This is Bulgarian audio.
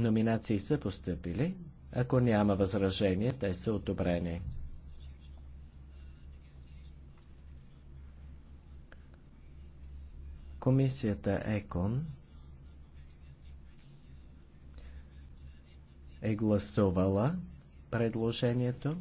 Номинации са поступили. Ако няма възражение, те са одобрени. Комисията ЕКОН е гласувала предложението.